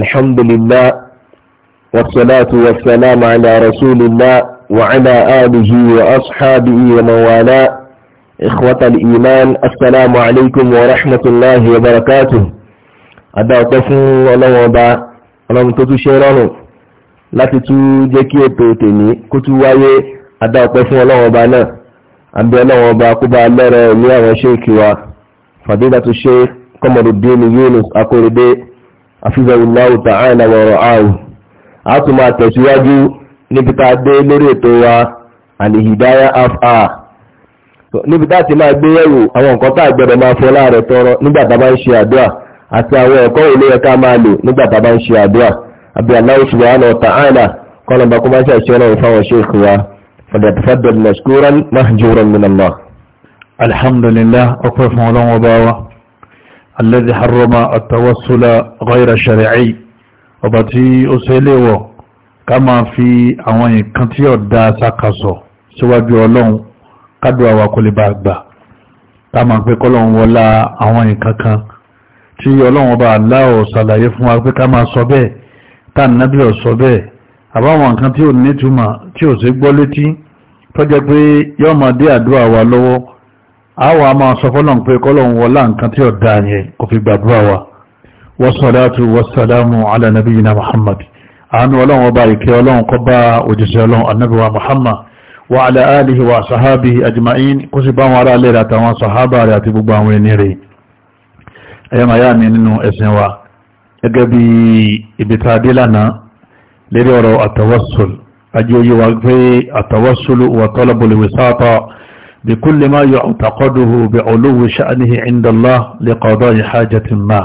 الحمد لله والصلاة والسلام على رسول الله وعلى آله وأصحابه ومن إخوة الإيمان السلام عليكم ورحمة الله وبركاته أدعو تفن ولو وضع ولو تتو شيرانو لا تتو جكي توتني كتو وايه أدعو تفن ولو وضعنا أبي ولو وضع كبا اللر مياه وشيكي فضيلة الشيخ قمر الدين يونس أقول دي afizahullahu ta'ala wa ra'ahu a tún máa tẹ̀síwájú níbi tá a dé lórí ètò wa alihidaya afa níbi tá a ti máa gbé yẹ̀wò àwọn nǹkan tá a gbọ́dọ̀ máa fọ́ láàrẹ̀ tọrọ nígbà tá a bá ń ṣe àdúrà àti àwọn ẹ̀kọ́ wo ló máa lò nígbà tá a bá ń ṣe àdúrà àbí Allahu subhanahu wa ta'ala kọ́nà bá kó máa ṣe ọlọ́run fáwọn ṣéèkì wa fọ̀dẹ̀tẹ̀fẹ́dẹ̀ mashkuran mahjuran min Allah. alhamdulillah ọpẹ́ fún ọlọ́run ọba alladhi harrama at-tawassula ghayra shar'i ọba tí ó ṣe léwọ̀ ká máa fi àwọn nǹkan tí ó da sákàsọ̀ síwájú ọlọ́run kádùn àwa kò lè bá gbà ká máa pé kọ́lọ́run wọlá àwọn nǹkan kan tí ọlọ́run ọba aláwọ̀ ṣàlàyé fún wa pé ká máa sọ bẹ́ẹ̀ tá nàbí ọ̀ sọ bẹ́ẹ̀ àbáwọn nǹkan tí ò nítumọ̀ tí ò sí gbọ́ létí tó jẹ́ pé yọ́ máa dé àdúrà wa lọ́wọ́ àwọ̀ a máa sọ fọ́lọ́n pé kọ́lọ̀un wọlá nǹkan tí ó dáa yẹ kò fi gbàdúrà wa wassalatu wassalamu ala nabiyyina muhammad àánú ọlọ́run ọba ìkẹ́ ọlọ́run kọ́ bá òjìṣẹ́ ọlọ́run annabiwa muhammad wa ala alihi wa sahabi ajma'in kó sì bá wọn ará lè rà tàwọn wa gẹ́gẹ́ بكل ما يعتقده بعلو شأنه عند الله لقضاء حاجة ما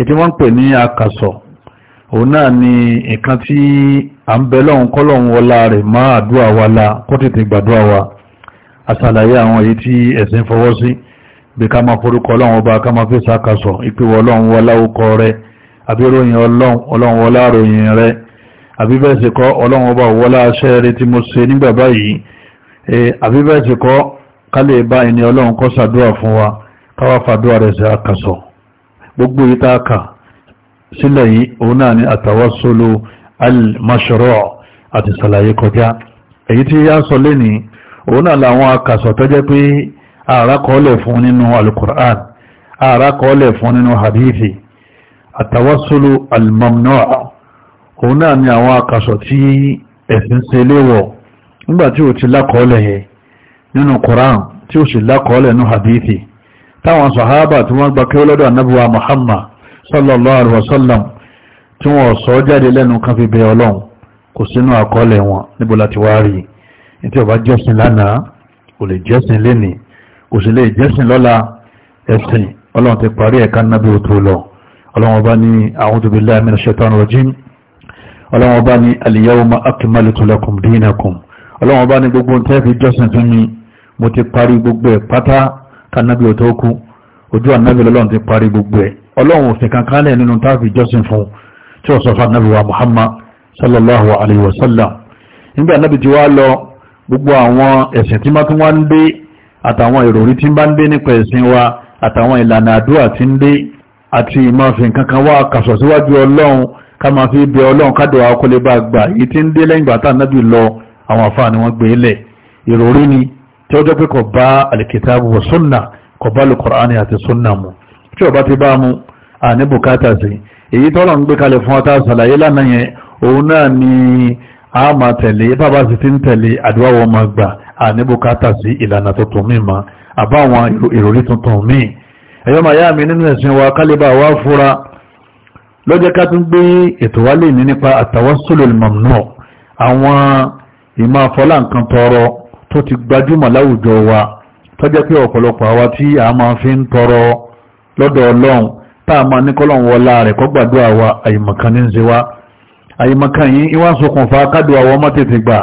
ètí wọ́n ń pè ní akasọ̀ òun náà ni nǹkan tí a ń bẹ lọ́hun kọ́lọ́hun wọlá rẹ̀ má àdúrà wa la kó tètè gbàdúrà wa àṣàlàyé àwọn èyí tí ẹ̀sìn fọwọ́ sí bí ká máa forúkọ ọlọ́run ọba ká máa fèsì akasọ̀ ìpéwọ̀ ọlọ́run wọlá àbíbẹ̀ẹ̀sì kọ́ kálẹ̀ bá ẹni ọlọ́run kọ́ sàdúrà fún wa káwà fàdúrà rẹ̀ sí àkàsọ̀ gbogbo ìtaaka sílẹ̀ yìí òun náà ni àtàwásólò al-mashru' àti sàlàyé kọjá èyí tí yá sọ lé ní òun náà làwọn àkàsọ̀ tó jẹ́ pé ààrá kọ́ọ̀lẹ̀ fún nínú al ààrá kọ́ọ̀lẹ̀ nígbà tí ó ti lákọọ́lẹ̀ yẹ nínú Qur'an tí ó sì lákọọ́lẹ̀ ní hadithi táwọn sahaba tí wọ́n gba kí ọlọ́dọ̀ annabuwa Muhammad sallallahu alaihi wasallam tí wọ́n sọ jáde lẹ́nu kan fi bẹ ọlọ́run kò sínú àkọọ́lẹ̀ wọn níbo láti wá rí ní tí ó bá jẹ́sìn lánàá kò lè jẹ́sìn lénìí kò sì lè jẹ́sìn lọ́la ẹ̀sìn ọlọ́run ti parí ẹ̀ka nábì òtò lọ ọlọ́run ọba ní a'udhu billahi minash shaitani rajim ọlọ́run ọba ní al-yawma akmaltu lakum dinakum ọlọ́run bá ní gbogbo ń tẹ́ẹ̀fì jọ́sìn fún mi mo ti parí gbogbo ẹ̀ pátá kánábì ò tó kú ojú ànábì lọ́lọ́run ti parí gbogbo ẹ̀ ọlọ́run òfin kankan lẹ̀ nínú táàfì jọ́sìn fún tí ó sọ fún ànábì wa Muhammad sallallahu alayhi wa sallam nígbà ànábì ti wá lọ gbogbo àwọn ẹ̀sìn tí má tún wá ń dé àtàwọn ìròrí tí bá ń dé nípa ẹ̀sìn wa àtàwọn ìlànà àdúrà tí ń dé àti ìmọ̀fin kankan wá kàṣọ̀ síwájú ọlọ́run ká máa fi bẹ ọlọ́run kádọ̀ àkọlé yìí tí ń dé lẹ́yìn bàtà nábì lọ àwọn àfáà ni wọ́n gbé lẹ̀ ìròrí ni tí ó jẹ́ pé kò bá alìkìtàbù wọ súnà kò bá lu kọ̀ránì àti súnà mu tí ó bá ti bá mu àní bùkátà sí èyí tọ́lọ̀ ń gbé kalẹ̀ fún ọta ṣàlàyé lánàá yẹn òun náà ni a máa tẹ̀lé bàbá sì ti ń tẹ̀lé àdúrà wọn máa gbà àní bùkátà sí ìlànà tuntun míì ma àbá àwọn ìròrí tuntun míì ẹ̀yọ́ màá yá mi nínú ẹ̀sìn wa kálíbà wá fúra lọ́jọ́ ká tún gbé ètò wálé ní nípa àtàwọ́sọ̀lẹ̀ mọ̀mọ́ àwọn ìmá fọlá nǹkan tọrọ tó ti gbajúmọ̀ láwùjọ wa tó jẹ́ pé ọ̀pọ̀lọpọ̀ àwa tí a máa fi ń tọrọ lọ́dọ̀ ọlọ́run tá a máa ní kọ́lọ́run wọlá rẹ̀ kó gbàdúrà wa àyìmọ̀kan ní ń ṣe wá àyìmọ̀kan yìí ìwà ṣokùnfà kádùá wa mọ́ tètè gbà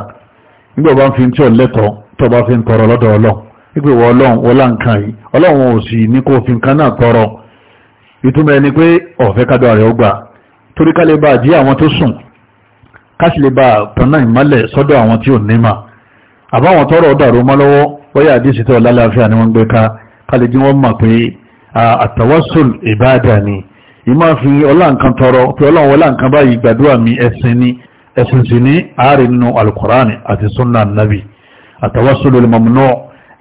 nígbà bá ń fi tí ò lẹ́tọ̀ọ́ tó bá fi ń tọrọ lọ́dọ̀ ọlọ́run wípé wọ ọlọ́run wọlá nǹkan yìí ọlọ́run ò sì ní kó fi nǹkan náà tọrọ ìtumọ̀ ẹni pé ọ̀fẹ́ kádùá rẹ̀ ó gbà torí ká bá àjí àwọn tó sùn kásìlébà tọ́nà ìmọ́lẹ̀ sọ́dọ̀ àwọn tí ò ní mà àbáwọn tọ́rọ̀ dàrú mọ́ lọ́wọ́ bóyá àdíṣì tó lálàáfíà ni wọ́n gbé ká kálẹ̀ jí wọ́n mọ̀ pé àtàwọ́sùl ìbáàdà ni ìmọ̀ fi ọlá nǹkan tọrọ pé ọlọ́run ọlá nǹkan báyìí gbàdúrà mi ẹ̀sìn ni ẹ̀sìn sì ní àárín nínú alukurani àti sunna nabi àtàwọ́sùl olùmọ̀mùnà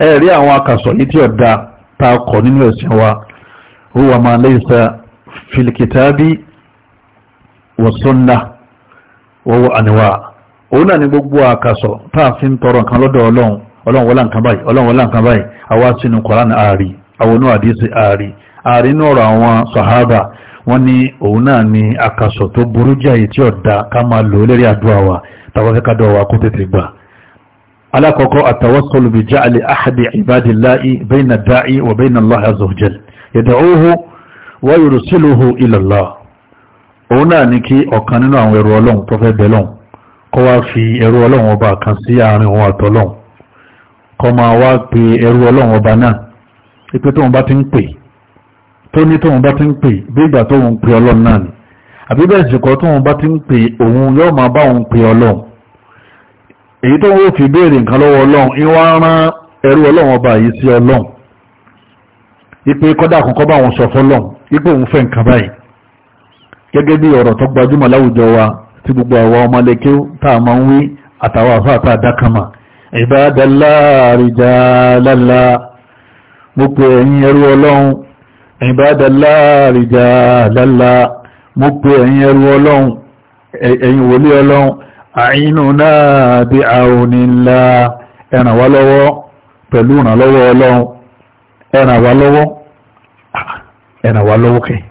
ẹ̀ àwọn akàsọ̀ yìí tí ọ̀dà ta kọ̀ nínú ẹ̀sìn wa huwa ma laysa fil kitabi wa sunnah owó àníwá òun náà ni gbogbo àkàsọ̀ tá a fi ń tọrọ nǹkan lọ́dọ̀ ọlọ́run ọlọ́run wọlá nǹkan báyìí ọlọ́run wọlá nǹkan báyìí àwa sínú koran ààrí àwọn onú àdíṣe ààrí ààrí inú ọ̀rọ̀ àwọn sàhábà wọ́n ní òun náà ni àkàsọ̀ tó burú jáì tí ọ̀dà ká máa lò lérí àdúrà wa tàwọn fẹ́ alákọ̀ọ́kọ́ àtàwọ́sọ̀lù bí jáàlì àhàdì ìbádìláì bẹ́ẹ̀nà dáì wà bẹ́ẹ̀nà Allah azza wa jal yad'uhu wa yursiluhu ila òun náà ní kí ọ̀kan nínú àwọn ẹrú ọlọ́run tó fẹ́ bẹ̀ lọ́hùn kó wá fi ẹrú ọlọ́run ọba kan sí àárín òun àtọ́lọ́hùn kó máa wá pe ẹrú ọlọ́run ọba náà ipe tóun bá ti ń pè tó ní tóun bá ti ń pè bí ìgbà tóun pe ọlọ́run náà ni àbí bẹ́ẹ̀ sì kọ́ tóun bá ti ń pè òun yóò máa bá òun pe ọlọ́run èyí tóun yóò fi béèrè nǹkan lọ́wọ́ ọlọ́run ìwà rán ẹrú ọlọ́run ọba yìí sí ọlọ́run ipe gẹ́gẹ́ bí ọ̀rọ̀ tó gbajúmọ̀ láwùjọ wa tí gbogbo àwa ọmọlẹ́kẹ́ tá a máa ń wí àtàwọn àfáàtà àdákàmà ìbádàlá àrìjàlálá mo pè ẹ̀yin ẹrú ọlọ́run ìbádàlá àrìjàlálá mo pè ẹ̀yin ẹrú ọlọ́run ẹ̀yin wòlé ọlọ́run náà bí àrùnilá ẹ̀ràn wá lọ́wọ́ pẹ̀lú ìrànlọ́wọ́ ọlọ́run ẹ̀ràn wá lọ́wọ́ ah, ẹ̀ràn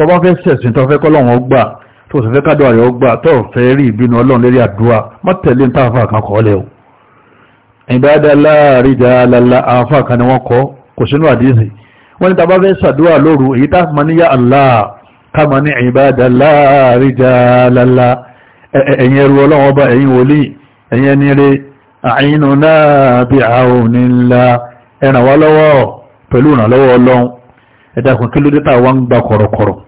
tó bá fẹ́ sẹ̀sìn tó fẹ́ kọ́lọ́run ọgbà tó sì fẹ́ kádọ́ ààrẹ ọgbà tó fẹ́ rí ìbínú ọlọ́run lérí àdúrà má tẹ̀lé ní táàfà kan kọ́ lẹ́wọ̀ ìbáadá láàrin ìjà alala àáfà kan ni wọ́n kọ́ kò sínú àdíṣì wọ́n ní tàbá fẹ́ sàdúrà lóru èyí tá ma níyà Allah ká ma ní ìbáadá láàrin ìjà alala ẹ̀yìn ẹrù ọlọ́run ọba ẹ̀yìn wòlíì ẹ̀yìn ẹni rẹ̀ ẹ̀dàkùn kí ló dé táwọn ń gba kọ̀rọ̀kọ̀rọ̀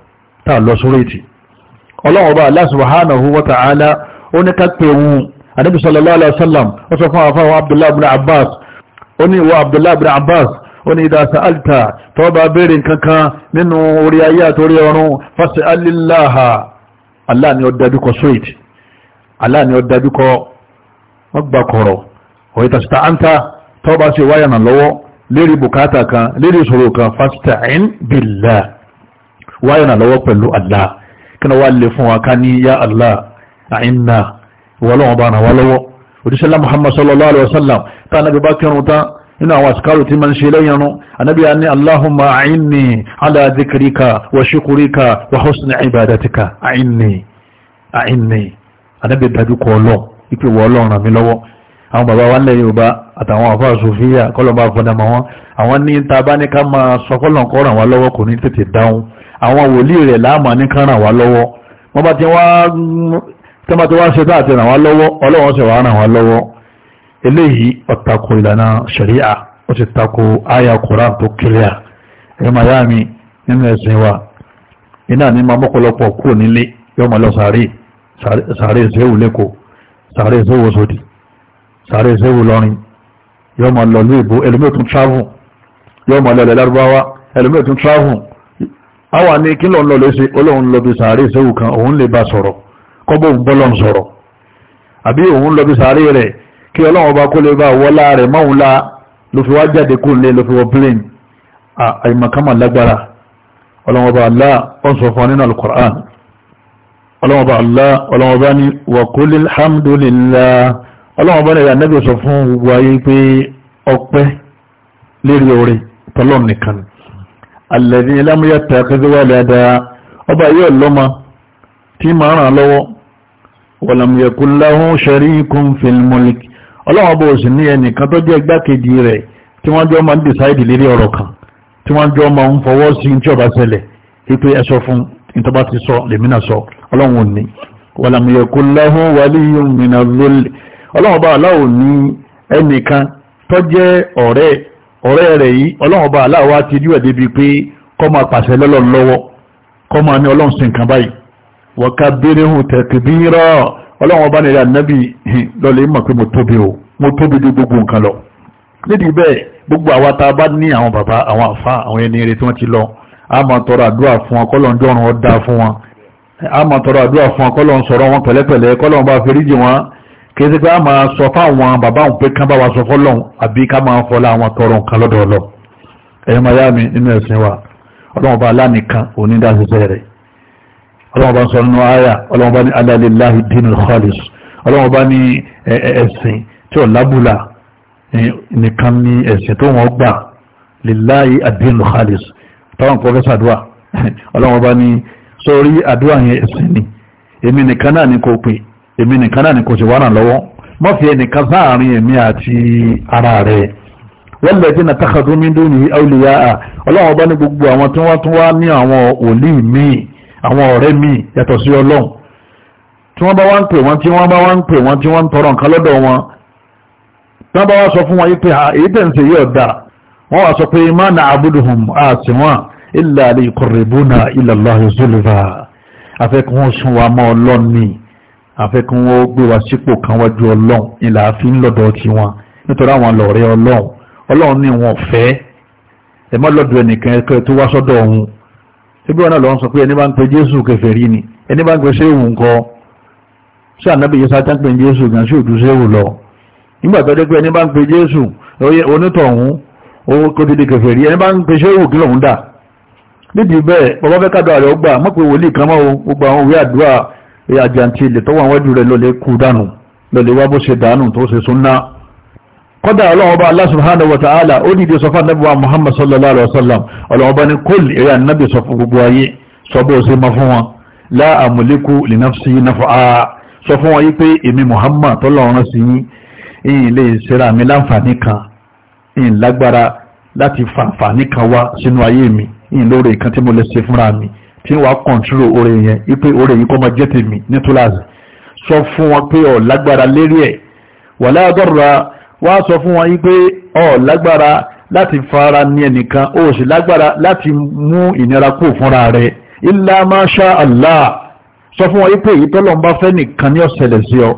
tá a lọ sórí ètì ọlọ́run ọba Allah subhanahu wa ta'ala ó ní ká pé òun ànábì sallallahu alaihi wasallam ó sọ fún àfáwọn abdullahi bin abbas ó ní ìwọ abdullahi bin abbas ó ní ìdásá alta tó bá béèrè kankan nínú orí ayé àtórí ọrún fásitì aliláha Allah ni ó dájúkọ sweet Allah ni ó dájúkọ wá ìrànlọ́wọ́ pẹ̀lú Allah kí wọ́n wá lè fún wa ká ní yá Allah àìnà ìwọ́lọ́wọ́ bá ràn wá lọ́wọ́ òdíṣẹ́lá Muhammad sallallahu alaihi wasallam tá anábì bá kírun tán nínú àwọn àsìkárò tí ma ń ṣe lẹ́yìnrún anábì a ní Allahumma a'inni ala dhikrika wa shukrika wa husni ibadatika a'inni a'inni anábì dájú kọ ọlọ́ ìpè wọ ọlọ́run bàbá wa nílẹ̀ yorùbá àtàwọn àfà sofia kọlọ́mbà fọdàmà wọn àwọn ní ta bá ní ká máa sọ kọlọ̀ǹkọ́ wá lọ́wọ́ kò ní tètè dáhùn àwọn wòlíì rẹ̀ láàmà ní kan ràn wá lọ́wọ́ wọ́n bá ti wá tí wọ́n ti wá ṣe táàtì ràn wá lọ́wọ́ ọlọ́wọ́n sì wá ràn wá lọ́wọ́ eléyìí ọ̀tako ìlànà ṣẹ̀ríà ó sì tako àyà koran tó kíríà ẹ̀rọ mayami nínú ẹ̀sìn wa iná ní máa mọ́pọ̀lọpọ̀ kúrò nílé yóò máa lọ sàárè sàárè ìṣẹ́wò lẹ́kọ̀ọ́ sàárè ìṣẹ́wò sódì sàárè ìṣẹ́wò lọ́rin yóò máa lọ lóyìnbó ẹlòmíràn tún travel yóò máa lọ ilẹ̀ àwa ní kí lọ́n lọ lè ṣe olóhùn lọ bí sàárè sẹ́wù kan òun lè bá sọ̀rọ̀ kọ́bọ̀ òun bọ́ lọ́n sọ̀rọ̀ àbí òun lọ bí sàárè rẹ̀ kí ọlọ́run ọba kó lè bá wọlá rẹ̀ máwùn la ló fi wá jáde kó lè ló fi wọ plane àìmọ̀kánmà lágbára ọlọ́run ọba Allah ó ń sọ fún wa nínú alladhi lam yattakhidh walada ọba yóò lọ́mọ tí máa ràn lọ́wọ́ wa lam yakun lahu sharikun fil mulk ọlọ́wọ́ bó sì ní ẹnìkan tó jẹ́ igbákejì rẹ̀ tí wọ́n jọ máa ń dìsáìdì lérí ọ̀rọ̀ kan tí wọ́n jọ máa ń fọwọ́ sí tí ọba ṣẹlẹ̀ wípé ẹsọ fún ìtọ́ba ti sọ lèmínà sọ ọlọ́wọ́ ní ẹnìkan tó jẹ́ ọ̀rẹ́ rẹ̀ yìí ọlọ́run ọba aláwa ti rí ẹ̀dẹ́ bíi pé kọ́ máa pàṣẹ lọ́lọ́run lọ́wọ́ kọ́ máa ní ọlọ́run sí nǹkan báyìí wọ́ká bèrè hùn tẹ̀kìbí rọ̀ ọlọ́run ọba nìyà nábì lọ́lẹ̀ mọ̀ pé mo tóbi o mo tóbi ju gbogbo a bá ní àwọn bàbá àwọn àfa àwọn a máa tọrọ àdúrà fún wọn kọ́lọ́n dọ́run kìí ṣe pé a máa sọ fáwọn bàbá òun pé kán bá wa sọ fọ́lọ́hun àbí ká máa fọ́lá àwọn tọrọ nǹkan lọ́dọ̀ ọlọ ẹ̀yìn máa yá mi nínú ẹ̀sìn wa ọlọ́run bá alánìkan onídàṣiṣẹ́ rẹ̀ ọlọ́run bá sọ nínú àyà ọlọ́run bá ní ala lillahi dinul khalis ọlọ́run bá ní ẹ̀sìn tí ò lábùlà nìkan ní ẹ̀sìn tó wọ́n gbà lillahi adinul khalis táwọn pọfẹ́sà àdúrà ọlọ́run bá ní sórí èmi nìkan náà ni kò sì wá ràn lọ́wọ́ má fi ẹnìkan sáàárín èmi àti ara rẹ̀ wọ́lẹ̀dí na takàdún mi dún ní awliyaa ọlọ́run bá ní gbogbo àwọn tí wọ́n tún wá ní àwọn òlì míì àwọn ọ̀rẹ́ míì yàtọ̀ sí ọlọ́run tí wọ́n bá wá ń pè wọ́n tí wọ́n bá wá ń pè wọ́n tí wọ́n ń tọrọ nǹkan lọ́dọ̀ wọn tí wọ́n bá wá sọ fún wọn yí pé èyí tẹ̀ ń ṣe ọ̀dà wọ́n wá sọ pé má na abuduhum àti wọn illa li yuqarribuna ila Allahi zulfa afẹ́kùn wọn sún wa mọ́ ọlọ́ni àfẹ́kún wọn ó gbé wa sípò kan wájú ọlọ́run ilà àfi ń lọ́dọ̀ ti wọn nítorí àwọn lọ́ọ̀rẹ́ ọlọ́run ọlọ́run ní wọn fẹ́ ẹ má lọ́dọ̀ ẹnìkan ẹ̀kọ́ tó wá sọ́dọ̀ òun ṣé bí wọn náà lọ́wọ́ sọ pé ẹni bá ń pe jésù kèfèrí ni ẹni bá ń pe séwù ńkọ́ sí ànábì yẹn sáà tán pe jésù gan sí òdu séwù lọ nígbà tó dé pé ẹni bá ń pe jésù onítọ̀hún kò ti di kèfèrí ẹni bá ń pe séwù kí lòun dà níbi bẹ́ẹ̀ bàbá fẹ́ kádọ̀ àrẹ ọgbà mọ̀ pé wòlíì kan mọ́ gbogbo àwọn òwe àdúrà àjàǹtí ilẹ̀ tó wà wájú rẹ̀ ló lè kú dànù ló lè wá bó ṣe dànù tó ṣe súnná kọ́dà ọlọ́run ọba Allah subhanahu wa ta'ala ó dìde sọ fún anábíwá Muhammad sallallahu alaihi wa sallam ọlọ́run ọba ní kóòlù eré anábì sọ fún gbogbo ayé sọ bó ṣe mọ fún wọn la amuliku li nafsi naf'a sọ fún wọn yí pé èmi Muhammad tọ́lọ́run tí wàá kọ̀ǹtúrò oore yẹn wípé oore yìí kọ́ máa jẹ́ tèmi ní túláàsì sọ fún wọn pé ọ̀ lágbára lérí ẹ̀ wà láàdọ́rà wàá sọ fún wọn wípé ọ̀ lágbára láti fara ní ẹnìkan ó sì lágbára láti mú ìnira kù fúnra rẹ̀ illa ma sha Allah sọ fún wọn wípé èyí tọ́lọ́ ń bá fẹ́ nìkan ní ọ̀sẹ̀lẹ̀ sí ọ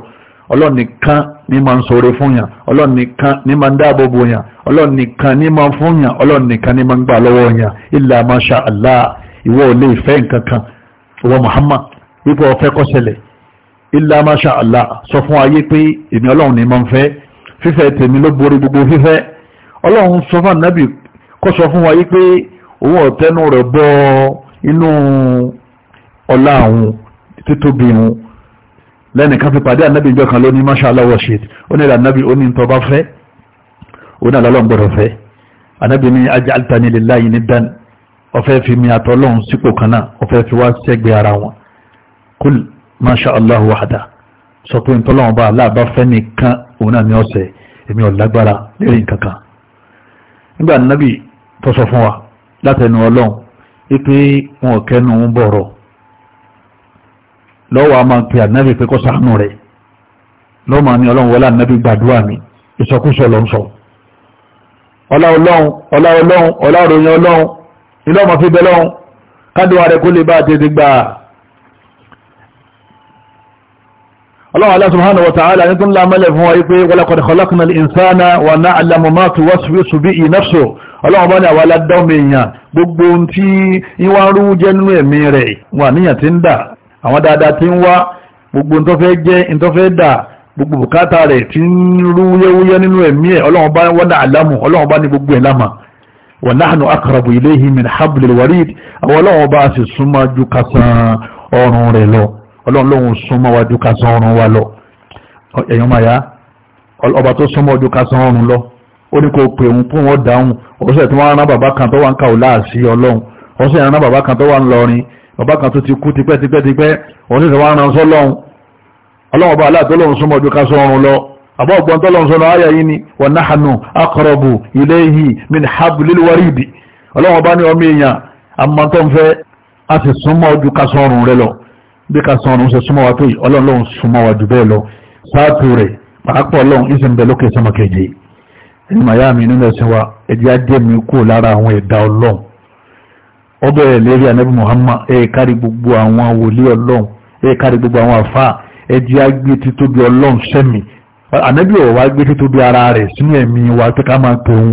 ọlọ́run nìkan ní máa ń ṣoore fún yàn ọlọ́run nìkan ní máa ń dáàbò bò yàn ọlọ́run nìkan ní máa ń fún yàn ọlọ́run nìkan ní máa ń gbà lọ́wọ́ yàn illa ma sha Allah ìwọ ò lè fẹ́ nǹkan kan ìwọ Muhammad wípé ọ̀fẹ́ kó ṣẹlẹ̀ illa masha Allah sọ fún ayé pé èmi ọlọ́run ni mo ń fẹ́ fífẹ́ tèmi ló borí gbogbo fífẹ́ ọlọ́run sọ fún ànábì kó sọ fún ayé pé òun ọ̀tẹ́nu rẹ̀ bọ inú ọlá àwọn títóbi wọn lẹ́nìkan fi pàdé ànábì ìjọ kan lóní masha Allah wọ̀ṣẹ̀ ó ní ànábì ó ntọ́ bá fẹ́ òun àlọ́ ọlọ́run gbọ́dọ̀ fẹ́ ànábì ní ajá àlítánilẹ̀ láyé ní dání ọ̀fẹ́ fi mi àtọ́lọ́hún sípò kan náà ọ̀fẹ́ fi wá sẹ́gbẹ̀ ara wọn kúl masha allah wahada sọ pé ntọ́lọ́hún bá aláàbá fẹ́ nìkan òun náà ní ọ̀sẹ̀ èmi ò lágbára lérí nǹkan kan nígbà nábì tó sọ fún wa látẹnu ọlọ́hún wípé wọn ò kẹ́nu ń bọ̀rọ̀ lọ́wọ́ a máa pe ànábì pé kó ṣàánú rẹ̀ lọ́wọ́ máa ní ọlọ́hún wọlé ànábì gbàdúrà mi ìsọkúsọ lọ́n sọ ọlá ọlọ́hún ọlá ọlọ́hún ọlá ìròyìn ọlọ́hún ilé ọmọ fi bẹ́lọ́ kádùn ààrẹ kó lè bá tètè gbà ọlọ́wọ́ Allah subhanahu wa ta'ala ní tó ń la mẹ́lẹ̀ fún wáyé pé wa laqad khalaqna al-insana wa na'lamu ma tuwaswisu bihi ọlọ́wọ́ bá ní àwọn aládọ́mì gbogbo tí ìwà ń rú jẹ́ nínú ẹ̀mí rẹ̀ wà níyàn tí ń dà àwọn dáadáa tí ń wá gbogbo tó fẹ́ jẹ́ tó fẹ́ dà gbogbo bùkátà rẹ̀ tí ń rú wúyẹ́wúyẹ́ nínú ẹ̀mí ẹ̀ ọlọ́wọ́ bá wọ́n wa nahnu aqrabu ilayhi min hablil warid àwọn ọlọ́run bá a sì súnmọ́ ju kásán ọrùn rẹ̀ lọ ọlọ́run lóhun súnmọ́ wa ju kásán ọrùn wa lọ ẹ̀yàn máa yá ọba tó súnmọ́ ju kásán ọrùn lọ ó ní kò pè òun fún wọn dáhùn ọ̀sẹ̀ tí wọ́n rán bàbá kan tó wà ń kàwé láàsí ọlọ́run ọ̀sẹ̀ rán bàbá kan tó wà ń lọrin bàbá kan tó ti kú tipẹ́tipẹ́tipẹ́ ọ̀sẹ̀ tí wọ́n rán sọ́lọ́run ọlọ́run ọba aláàtọ́lọ́run súnmọ́ ju ọrùn lọ àbọ̀ ọ̀gbọ́n tó lọ́n sọ́nà ayà yìí ni wa nahnu aqrabu ilayhi min hablil waridi ọlọ́wọ́n bá ní ọmọ èèyàn àmọ́ tó ń fẹ́ a sì súnmọ́ ojú ka sọ́run rẹ lọ bí ka sọ́run ṣe súnmọ́ wa tó yìí ọlọ́run lòun súnmọ́ wa jù bẹ́ẹ̀ lọ sáàtù rẹ̀ pàápọ̀ ọlọ́run ìsìn bẹ lókè sọmọ kejì ẹni màyá nínú ẹ̀sìn wa ẹ̀jẹ̀ ajé mi kú lára àwọn ẹ̀dá ọlọ́run ó bẹ̀rẹ̀ lérí anabi Muhammad ẹ̀ kárí gbogbo àwọn wòlíì ọlọ́run ẹ̀ kárí gbogbo àwọn àfáà ẹ̀jẹ̀ agbé títóbi ọlọ́run sẹ́mi ànábì ọ̀wá gbé tó tóbi ara rẹ̀ sínú ẹ̀mí wa pé ká máa pòun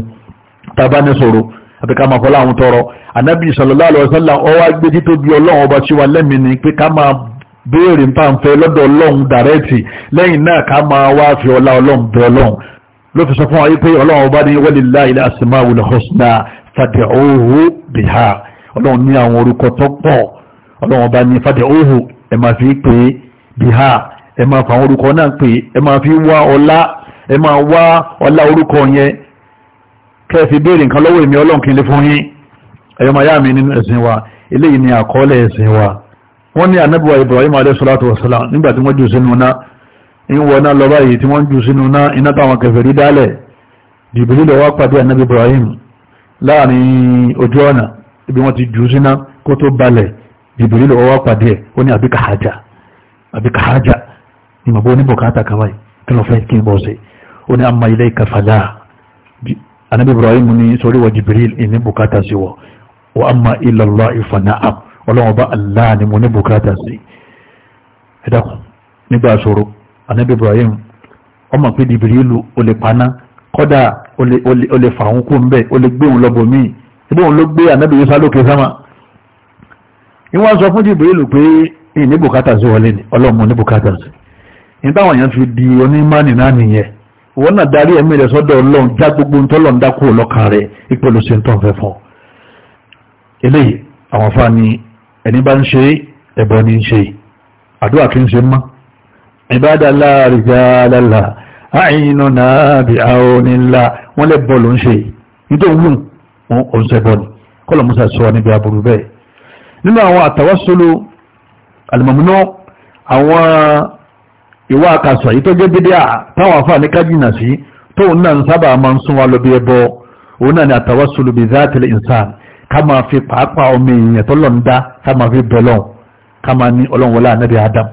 tábà ní sọ̀rọ̀ àti ká máa fọlá àwọn tọrọ ànábì sallallahu alaihi wasallam ọwá gbé tí tóbi ọlọ́run ọba tí wà lẹ́mìí ni pé ká máa béèrè ń pàǹfẹ́ lọ́dọ̀ ọlọ́run dàrẹ́tì lẹ́yìn náà ká máa wá fi ọlá ọlọ́run bẹ ọlọ́run ló fi sọ fún ayé pé ọlọ́run ọba ní walillahil asmaul husna ẹ máa fa àwọn orúkọ náà pè ẹ máa fi wá ọlá ẹ máa wá ọlá orúkọ yẹn kẹ́ ẹ fi béèrè nǹkan lọ́wọ́ èmi ọlọ́run kí fún yín ẹ̀yọ́ máa yá mi nínú ẹ̀sìn wa eléyìí ni àkọọ́lẹ̀ ẹ̀sìn wa wọ́n ní anábìwá Ibrahim alayhisalatu wasalam nígbà tí wọ́n jù sínú náà ń wọ́n náà lọ báyìí tí wọ́n jù sínú náà iná táwọn kèfèrí dálẹ̀ jìbìlì lọ pàdé anábì Ibrahim láàrin ojú ọ̀nà ibi wọ́n ti jù síná kó tó balẹ̀ jìbìlì lọ wá pàdé ẹ̀ ó ní àbíkàhájà àbíkàhájà Ni oníbùkátà kan báyìí kí lọ fẹ́ kí n bọ̀ ṣe ó ní àmà ilé Ibrahim ní sórí wọ Jibril ìní bùkátà sí wọ wọ àmà ìlọlọ ìfànà àm ọlọ́wọ́n bá Allah ni mo ní bùkátà sí ẹ dákun nígbà sọ̀rọ̀ anábì Ibrahim ọmọ Jibril Jibrilu ó lè paná kọ́dà ó lè fà òun kú ń bẹ̀ ó lè gbé òun lọ́bọ̀ míì ibò òun ló gbé anábì Yusuf lókè sáma ìwọ́n sọ fún Jibrilu pé ìní bùkátà sí wọlé ni ọlọ́wọ́n mo ní bùkátà sí nítawọn èèyàn fi di onímọ̀nì náà nìyẹn wọn náà darí ẹ̀mí rẹ̀ sọ́dọ̀ ọlọ́run já gbogbo ń tọ́lọ̀ ń dákú ọlọ́kan rẹ̀ ìpele ṣe ń tọ́ fẹ́ fọ́ eléyìí àwọn afáàní ẹni bá ń ṣe ẹ̀bọ ní ń ṣe àdúrà kí ń ṣe mọ́ ìbádàlá rìjàlálà àìyínú náà bí àwọn onílà wọ́n lè bọ́ ń ṣe nítorí wù ó ń ṣẹbọ ni kọ́lọ̀ musa sọ níbi aburú bẹ́ẹ̀ nínú ìwà àkàsọ̀ yìí tó jẹ́ bídí à táwọn afá ní kájìnà sí tóun náà ń sábà máa ń sún wa lọ bí ẹbọ òun náà ni àtàwásùlù bí záàtìlẹ̀ ìsàn ká máa fi pàápàá ọmọ èèyàn tó lọ́n dá ká máa fi bẹ̀ lọ́n ká máa ní ọlọ́run wọlá anabi adam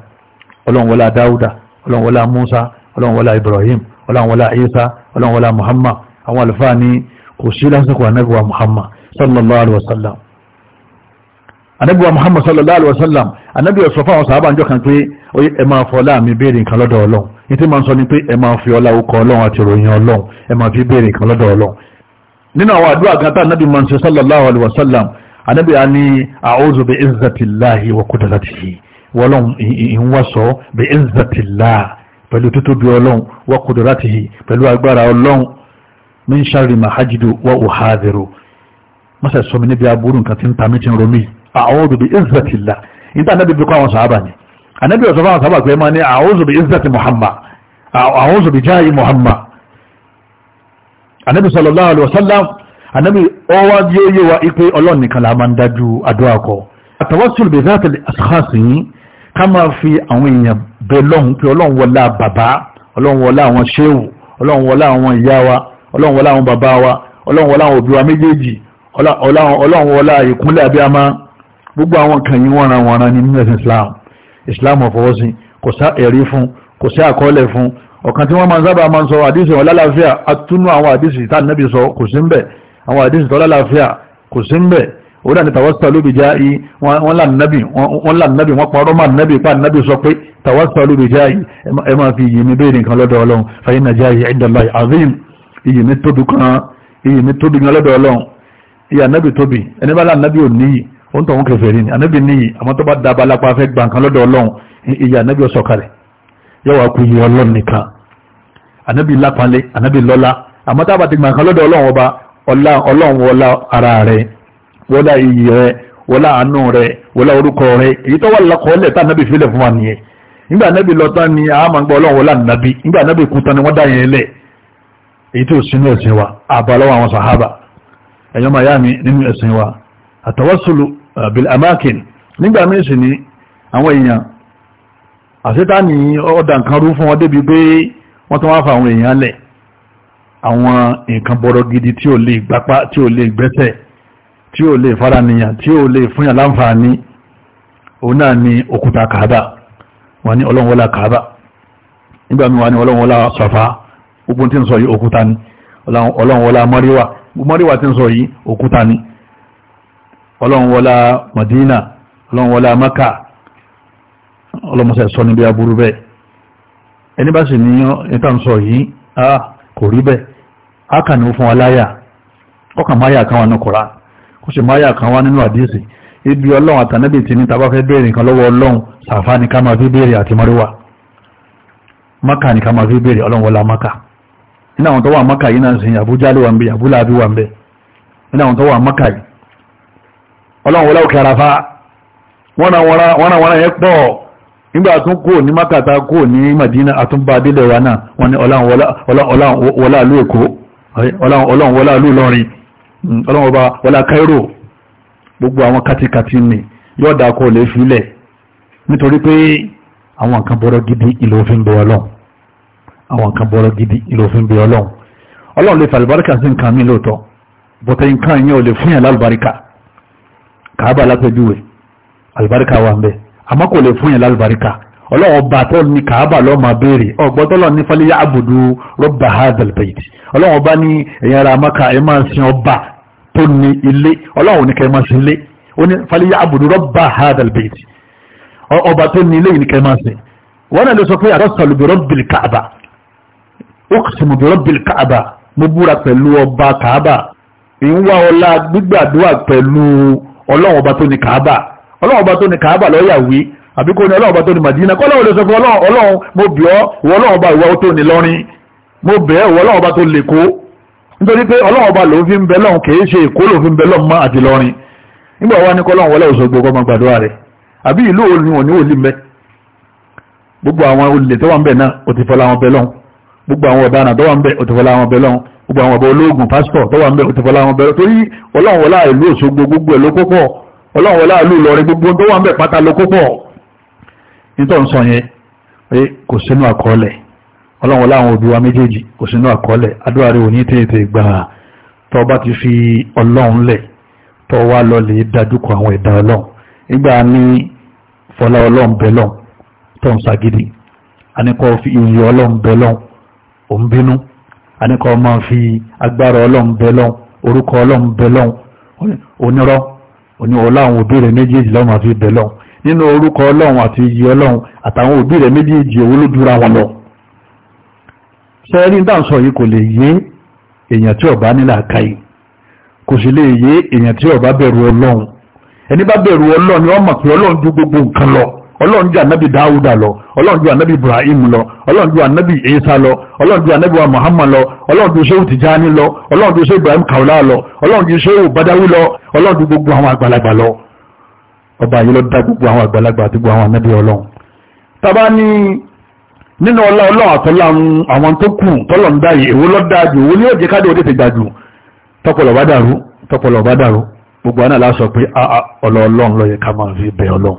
ọlọ́run wọlá dáúdà ọlọ́run wọlá musa ọlọ́run ibrahim ọlọ́run isa ọlọ́run muhammad àwọn àlùfáà ni kò sí lásìkò anabi wa muhammad sallallahu alayhi wa sallam anabi wa muhammad sallallahu alaihi wasallam anabi ọ̀sọ̀ fáwọn sàábà njọ́ kan pé ẹ máa fọ ọlá mi béèrè nǹkan lọ́dọ̀ ọlọ́run ní tí máa ń sọ ni pé ẹ máa fi ọlá okọ ọlọ́run àti ìròyìn ọlọ́run ẹ máa fi béèrè nǹkan lọ́dọ̀ ọlọ́run nínú àwọn àdúrà kan tá anabi máa ń ṣe sallallahu alaihi wasallam anabi a ní a'udhu bi izzatillahi wa qudratihi wọlọ́run ìwọ́sọ bi izzatillah pẹ̀lú títóbi ọlọ́run pẹ̀lú agbára ọlọ́run min sharri a'udhu bi izzatillah níta anábì bí kọ́ àwọn sàábà ni anábì ọ̀sọ́ fún àwọn sàábà pé máa ní a'udhu bi izzati Muhammad a'udhu bi jahi Muhammad anábì sallallahu alaihi wasallam anábì ọwá bí ó yé wa ipe ọlọ́run nìkan la máa ń dájú àdúrà kọ àtàwọ́sùlù bi zati al-ashkhas yìí ká máa fi àwọn èèyàn bẹ lọ́hùn pé ọlọ́run wọlá bàbá ọlọ́run gbogbo àwọn kan yìí wọ́n ran wọn ní nílẹ̀ islam islam ọ̀fọwọ́sí kò sá ẹ̀rí fún kò sí àkọọ́lẹ̀ fún ọ̀kan tí wọ́n máa sábà máa ń sọ àdísì wọn lálàáfíà atúnú àwọn àdísì tá nẹ́bí sọ kò sí ń bẹ̀ àwọn àdísì tó lálàáfíà kò sí ń bẹ̀ ó dà ní tàwọ́sítà lóbi já yìí wọ́n là nẹ́bì wọ́n parọ́ máa nẹ́bì pa nẹ́bì sọ pé tàwọ́sítà lóbi já yìí ẹ máa fi iyì mi béèrè nǹkan lọ́dọ̀ ọlọ́run fàyín nàjá yìí ẹ̀dọ̀lá azim iyì mi tóbi kan iyì mi tóbi kan lọ́dọ̀ ọlọ́run iyì ànẹ́bì tóbi ẹni bá là nẹ́bì ò níyì ó ń tọ̀wọ́n kèfèrí ni anábì níyì àmọ́ tó bá dábàá lápá fẹ́ gba nǹkan lọ́dọ̀ ọlọ́run ìyá anábì ọ̀sọ̀kalẹ̀ yóò wá kú iye ọlọ́run nìkan anábì lápánlé anábì lọ́lá àmọ́ tá a bá ti gba nǹkan lọ́dọ̀ ọlọ́run ọba ọlọ́run wọlá ara rẹ̀ wọlá iyì rẹ̀ wọlá àánú wọlá orúkọ a Eh, bil amakin nígbà míì ni àwọn èèyàn àṣetáni ọ̀dà nǹkan rú fún wọn débi pé wọ́n tún wá fa àwọn èèyàn lẹ̀ àwọn nǹkan bọ̀rọ̀ gidi tí ò lè gbapá tí ò lè gbẹ́sẹ̀ tí ò lè faraniyàn tí ò lè fúnyàn láǹfààní òun náà ni òkúta kàábà wọ́n ní ọlọ́run kàábà nígbà mi wà ní ọlọ́run wọlá sọ̀fà ogun tí ń sọ yìí òkúta ni ọlọ́run wọlá mọ́ríwà mọ́ríwà tí ń sọ yìí òkúta ni ọlọ́run wọlá Madina ọlọ́run wọlá Maka ọlọ́mọsẹ̀ sọ níbi aburú bẹ́ẹ̀ ẹni bá sì ní ìtànsọ yìí a kò rí bẹ́ẹ̀ a kà ní fún wa láyà ọkàn máyà kan wà ní kọ̀rá kò sì máyà kan wà nínú àdíyèsí ibi ọlọ́run àtànẹ́bì ti ní tàbá fẹ́ béèrè nǹkan lọ́wọ́ ọlọ́run sàfá ní ká máa fi béèrè àti Maka ní ká máa fi béèrè Maka nínú àwọn tó Maka yìí náà sì yàbújá ló wà ń bẹ yàbúlá àbí wà Maka ọlọ́run wọlé òkè àràfà wọ́n náà wọ́n yẹn pọ̀ nígbà tún kò ní mákàtà kò ní madina àtúnbà délẹ̀ wa náà wọ́n ní ọlọ́run wọlé àlú èkó lọ́rin ọlọ́run wọlé hmm, gbogbo àwọn kátikàti ni yóò dáa kó lè filẹ̀ nítorí pé àwọn nǹkan bọ́rọ̀ gidi ìlú bẹ ọlọ́run ọlọ́run lè fàlùbáríkà sí nǹkan mi lóòótọ́ lè fún kàábà lápẹjúwe àlùbáríkà wà ń bẹ àmọ́ kò lè fún yẹn lálùbáríkà ọlọ́wọ́ bá tó ní kàábà lọ́ọ́ máa béèrè ọgbọ́tọ́lọ́ ní fọlẹ́yà àbùdù rọ́bà hadal bayt ọlọ́wọ́ bá ní ẹ̀yàn ara maka ẹ̀ máa sin ọba tó ní ilé ọlọ́wọ́ ní kẹ́ẹ̀ máa sin ilé ó ní fọlẹ́yà àbùdù rọ́bà hadal bayt ọba tó ní ilé yìí ní kẹ́ẹ̀ máa sin wọ́n náà lè sọ pé àrọ́sọ̀lù bí kàábà uqsimu bí rọ́bìl kàábà ọlọ́run ọba tó ní kàábà ọlọ́run ọba tó ní kàábà lọ́ọ́yà wí àbí kò ní ọlọ́run ọba tó ní Madina kọ́ ọlọ́run lè sọ fún ọlọ́run mo bẹ̀ ọ́ ìwọ ọlọ́run ọba ìwọ tó ní lọ́rin mo bẹ̀ ìwọ ọlọ́run ọba tó lè kó nítorí pé ọlọ́run ọba lòun fi ń bẹ lọ́run kì í ṣe èkó lòun fi ń bẹ lọ́run mọ́ àti lọ́rin nígbà wá ní kọ́ máa gbàdúrà rẹ̀ gbogbo àwọn olè gbogbo àwọn ọba ológun pásítọ̀ tó wà ń bẹ òtí fọlá wọn bẹ̀rẹ̀ torí ọlọ́run wọlá ìlú Òṣogbo gbogbo ẹ̀ ló kó pọ̀ ọlọ́run wọlá ìlú Ìlọrin gbogbo tó wà ń bẹ pátá ló kó pọ̀ nítorí sọ yẹn pé kò sínú àkọọ́lẹ̀ ọlọ́run wọlá àwọn òbí wa méjèèjì kò sínú àkọọ́lẹ̀ àdúrà rẹ̀ òní tètè gbà tó bá ti fi ọlọ́run lẹ̀ tó wá lọ lè dájúkọ àwọn ẹ̀dá ọlọ́run nígbà ní fọlá ọlọ́run bẹ́lọ̀ tó ń ṣàgídí àníkọ́ fi iyì ọlọ́run bẹ́lọ̀ òun bínú àníkọ́ máa fi agbára ọlọ́run bẹ lọ́hùn orúkọ ọlọ́run bẹ lọ́hùn onírọ́ òní ọlá àwọn òbí rẹ̀ méjèèjì lọ́hùn àfi bẹ lọ́hùn nínú orúkọ ọlọ́run àti iyì ọlọ́run àtàwọn òbí rẹ̀ méjèèjì òun ló dúra wọn lọ. sẹ́ẹ̀rí dáhùn yìí kò lè yé èèyàn tí ọba nílà káyì kò sì lè yé èèyàn tí ọba bẹ̀rù ọlọ́run ẹni bá bẹ̀rù ọlọ́run ni wọ́n mọ̀ pé ọlọ́run ju gbogbo nǹkan lọ ọlọ́run ju anabi dawuda lọ ọlọ́run ju anabi ibrahim lọ ọlọ́run ju anabi isa lọ ọlọ́run ju anabi wa muhammad lọ ọlọ́run ju sehu tijani lọ ọlọ́run ju sehu ibrahim kaula lọ ọlọ́run ju sehu badawi lọ ọlọ́run ju gbogbo àwọn àgbàlagbà lọ ọba yìí ló dá gbogbo àwọn àgbàlagbà àti gbogbo àwọn anabi ọlọ́run taba ni nínú ọlá ọlọ́run àtọ́lá àwọn tó kù tọ́lọ̀ ń dá yìí èwo ló dáa jù èwo ni yóò jẹ́ káàdì òde ti gbà jù tọpọlọ bá dàrú tọpọlọ bá dàrú gbogbo àná la sọ pé ọlọ́ọ̀lọ́run ló yẹ ká máa fi bẹ ọlọ́run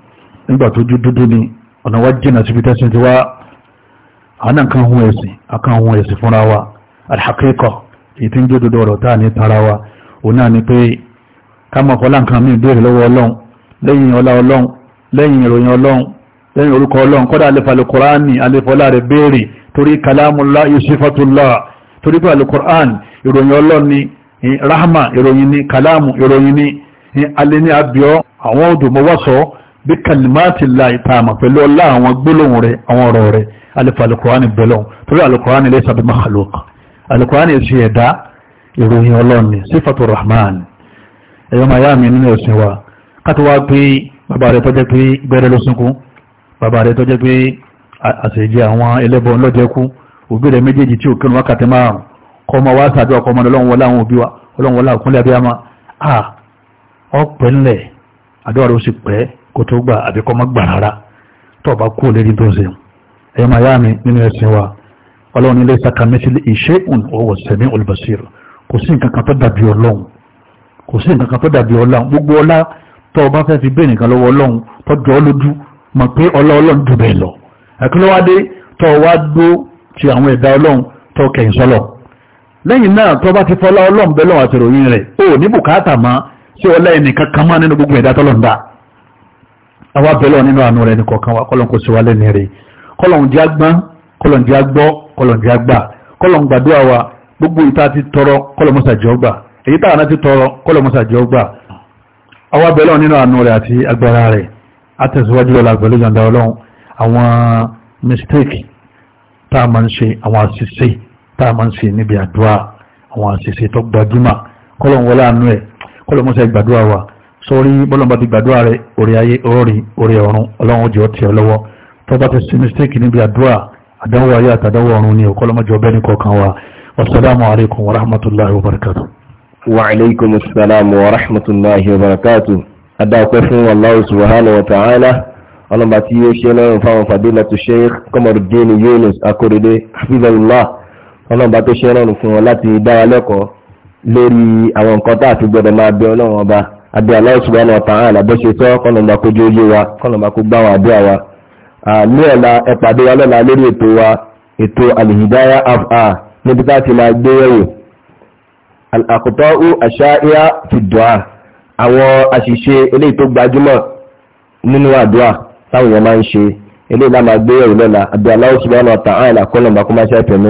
nígbà tó dúdú ni ọ̀nà wa jìnà síbi tẹ́sí ti wá àánà kan hun ẹ̀sìn akan hun ẹ̀sìn fúnra wa alhakíkọ̀ èyí tí ń jẹ́ dodo ọ̀rọ̀ táà ní tara wa òun náà ni pé ká mọ̀ kọ́lá nǹkan mí ìbéèrè lọ́wọ́ ọlọ́run lẹ́yìn ọlá ọlọ́run lẹ́yìn ìròyìn ọlọ́run lẹ́yìn orúkọ ọlọ́run kọ́dà àlefa alukurani alefọlá rẹ̀ béèrè torí kalamula yusufatula torí pé alukuran ìròyìn ọlọ́run ni rahma ìròyìn ni kalamu ìròyìn ni alẹ́ ní abiọ́ àwọn odò mọ́wọ́sọ̀ọ́ bí kalimati la ìtaàmà pẹ̀lú ọlá àwọn gbólóhùn rẹ̀ àwọn ọ̀rọ̀ rẹ̀ alifa alukurani bẹ̀lọ́n torí alukurani lè sàbí mahaluk alukurani èsì ẹ̀dá ìròyìn ọlọ́ni sífàtò rahman ẹ̀yọ́ máa yá mi nínú ẹ̀sìn wa káti wá pé bàbá rẹ̀ tọ́jẹ́ pé gbẹ́rẹ́ ló sunkún bàbá rẹ̀ tọ́jẹ́ pé àṣejẹ àwọn ẹlẹ́bọn lọ́jẹ́kú òbí rẹ̀ méjèèjì tí òkè wákàtí márùn kọ́ ọmọ ó sì pẹ́ kó tó gbà àbí kọ́ mọ́ gbà rárá tó bá kú lérí tó ń ṣe ẹ̀yọ́ máa yá mi nínú ẹ̀sìn wa ọlọ́run nílé sàkàmẹ́sílé ìṣe òun ọwọ́ sẹ̀mí olùbàṣírò kò sí nǹkan kan tó dàbí ọlọ́run kò sí nǹkan kan tó dàbí ọlọ́run gbogbo ọlá tó bá fẹ́ fi bẹ́ẹ̀ nìkan lọ́wọ́ ọlọ́run tó jọ lójú mọ̀ pé ọlá ọlọ́run jù bẹ́ẹ̀ lọ àkínlọ́wádé tó wá gbó ti àwọn abẹ́lẹ̀ nínú àánú rẹ̀ nìkọ̀ọ̀kan wa kọ́lọ́n kò sí wa lẹ́nu rẹ̀ kọ́lọ́n jẹ́ agbọ́n kọ́lọ́n jẹ́ agbọ́ kọ́lọ́n jẹ́ agbà kọ́lọ́n gbàdúrà wa gbogbo ìta ti tọrọ kọ́lọ́n mọ́sàjọ́ gbà èyí tá àná ti tọrọ kọ́lọ́n mọ́sàjọ́ gbà àwọn abẹ́lẹ̀ nínú àánú rẹ̀ àti agbára rẹ̀ àtẹ̀síwájú lọ́la pẹ̀lú yọ̀ǹda ọlọ́run àwọn mistake tá a máa ń ṣe àwọn àṣìṣe tá a máa ń ṣe níbi àdúrà àwọn àṣìṣe tó gbajúmọ̀ kọ́lọ́n sórí bọ́lọ̀mbà ti gbàdúrà rẹ̀ orí ayé orí orí ọ̀run ọlọ́run ojú ọtí ọ lọ́wọ́ tó bá ti ṣe mistake níbi àdúrà àdánwò ayé àtàdánwò ọ̀run ni ọ̀kọ́lọ́mọjọ bẹ́ẹ̀ ní kọ̀ọ̀kan wa wasalaamu alaykum wa rahmatulahi wa barakatu. wa aleykum salaam wa rahmatulahi wa barakatu. adáwọ̀pẹ́ fún Allahu subhanahu wa ta'ala ọlọ́mọba tí yóò ṣe lọ́rùn fáwọn fadilatu sheikh Qamaruddin Yunus Akorede hafizahullah ọlọ́mọba tó ṣe lọ́rùn àbí Allah subhanahu wa ta'ala bó ṣe tọ́ kọ́nàmbà kó jó yé wa kọ́nàmbà kó gbá wa àdúrà wa ní ọ̀la ẹ̀pàdé wa lọ́la lórí ètò wa ètò al-Hidaya afa níbi tá a ti máa gbé yẹ̀wò al-aqta'u ash-sha'i'a fi du'a àwọn àṣìṣe eléyìí tó gbajúmọ̀ nínú àdúrà táwọn èèyàn máa ń ṣe eléyìí lá máa gbé yẹ̀wò lọ́la àbí Allah subhanahu wa ta'ala kọ́nàmbà kó má ṣe àtẹ̀mí